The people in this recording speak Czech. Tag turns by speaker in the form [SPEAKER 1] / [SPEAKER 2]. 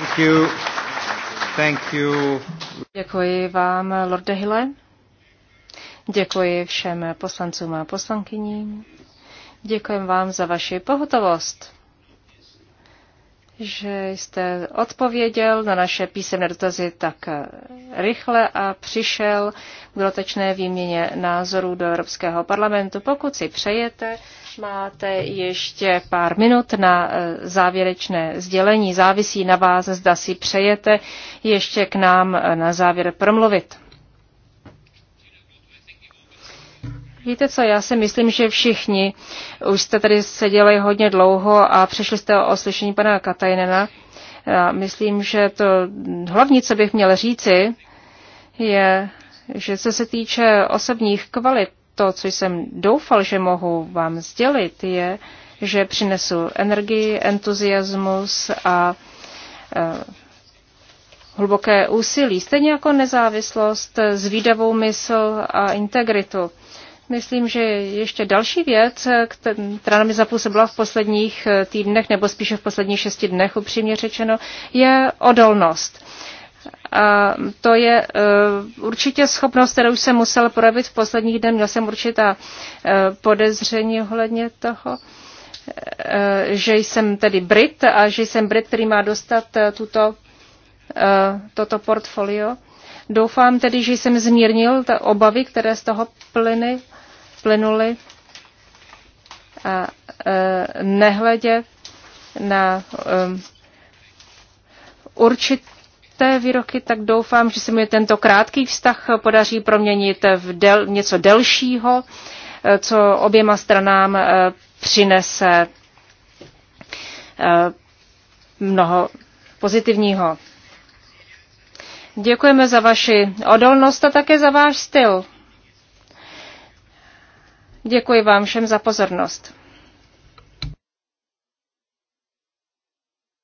[SPEAKER 1] Thank you. Thank you. Děkuji vám, Lorde Hille. Děkuji všem poslancům a poslankyním. Děkuji vám za vaši pohotovost, že jste odpověděl na naše písemné dotazy tak rychle a přišel k dotečné výměně názorů do Evropského parlamentu. Pokud si přejete, Máte ještě pár minut na eh, závěrečné sdělení. Závisí na vás, zda si přejete ještě k nám eh, na závěr promluvit. Víte co, já si myslím, že všichni už jste tady seděli hodně dlouho a přišli jste o oslyšení pana Katajnena. Já myslím, že to hlavní, co bych měl říci, je, že co se týče osobních kvalit, to, co jsem doufal, že mohu vám sdělit, je, že přinesu energii, entuziasmus a e, hluboké úsilí, stejně jako nezávislost, zvídavou mysl a integritu. Myslím, že ještě další věc, která mi zapůsobila v posledních týdnech, nebo spíše v posledních šesti dnech, upřímně řečeno, je odolnost. A to je e, určitě schopnost, kterou jsem musel projevit v posledních dnech. Měl jsem určitá e, podezření ohledně toho, e, že jsem tedy Brit a že jsem Brit, který má dostat tuto, toto portfolio. Doufám tedy, že jsem zmírnil ta obavy, které z toho plyny, plynuly. A nehledě na určitě té výroky, tak doufám, že se mi tento krátký vztah podaří proměnit v del, něco delšího, eh, co oběma stranám eh, přinese eh, mnoho pozitivního. Děkujeme za vaši odolnost a také za váš styl. Děkuji vám všem za pozornost.